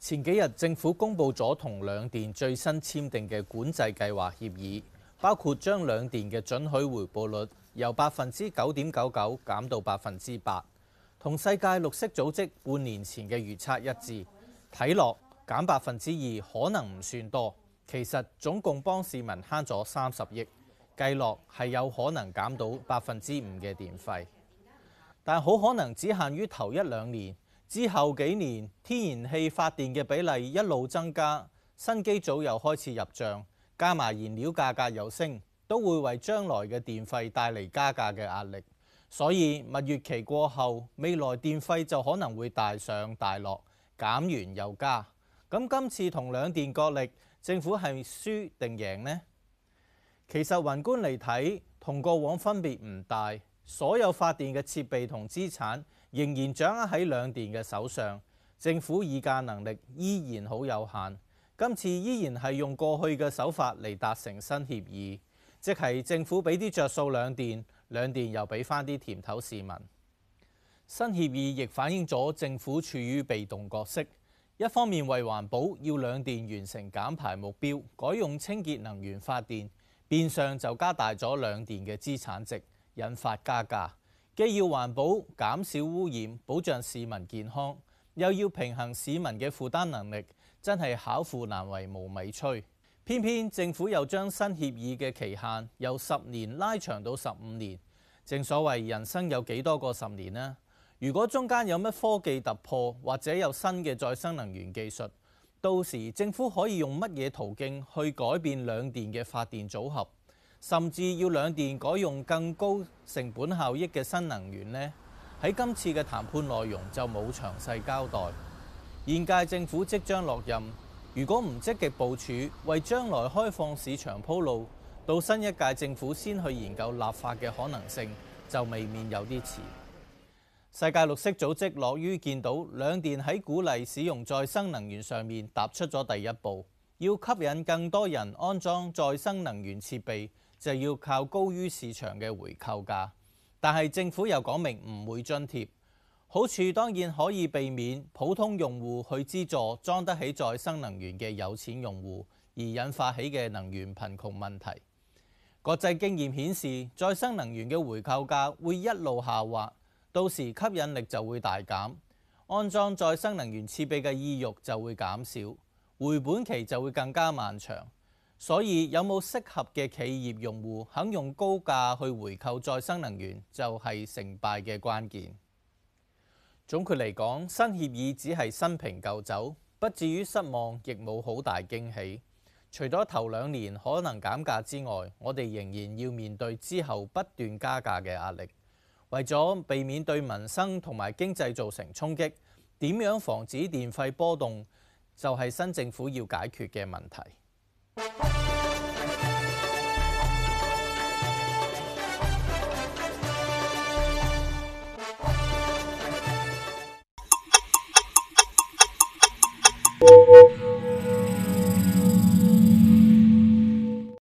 前幾日，政府公布咗同兩電最新簽訂嘅管制計劃協議，包括將兩電嘅准許回報率由百分之九點九九減到百分之八，同世界綠色組織半年前嘅預測一致。睇落減百分之二可能唔算多，其實總共幫市民慳咗三十億。計落係有可能減到百分之五嘅電費，但好可能只限於頭一兩年，之後幾年天然氣發電嘅比例一路增加，新機組又開始入帳，加埋燃料價格又升，都會為將來嘅電費帶嚟加價嘅壓力。所以蜜月期過後，未來電費就可能會大上大落，減完又加。咁今次同兩電角力，政府係輸定贏呢？其實來看，宏觀嚟睇，同過往分別唔大。所有發電嘅設備同資產仍然掌握喺兩電嘅手上，政府議價能力依然好有限。今次依然係用過去嘅手法嚟達成新協議，即係政府俾啲着數兩電，兩電又俾返啲甜頭市民。新協議亦反映咗政府處於被動角色，一方面為環保要兩電完成減排目標，改用清潔能源發電。變相就加大咗兩電嘅資產值，引發加價。既要環保減少污染，保障市民健康，又要平衡市民嘅負擔能力，真係巧婦難為無米炊。偏偏政府又將新協議嘅期限由十年拉長到十五年。正所謂人生有幾多個十年呢？如果中間有乜科技突破，或者有新嘅再生能源技術，到時政府可以用乜嘢途徑去改變兩電嘅發電組合，甚至要兩電改用更高成本效益嘅新能源呢？喺今次嘅談判內容就冇詳細交代。現屆政府即將落任，如果唔積極部署，為將來開放市場鋪路，到新一屆政府先去研究立法嘅可能性，就未免有啲遲。世界綠色組織樂於見到兩電喺鼓勵使用再生能源上面踏出咗第一步。要吸引更多人安裝再生能源設備，就要靠高於市場嘅回購價。但係政府又講明唔會津貼，好處當然可以避免普通用戶去資助裝得起再生能源嘅有錢用戶，而引發起嘅能源貧窮問題。國際經驗顯示，再生能源嘅回購價會一路下滑。到時吸引力就會大減，安裝再生能源設備嘅意欲就會減少，回本期就會更加漫長。所以有冇適合嘅企業用戶肯用高價去回購再生能源，就係成敗嘅關鍵。總括嚟講，新協議只係新瓶舊酒，不至於失望，亦冇好大驚喜。除咗頭兩年可能減價之外，我哋仍然要面對之後不斷加價嘅壓力。為咗避免對民生同埋經濟造成衝擊，點樣防止電費波動，就係新政府要解決嘅問題。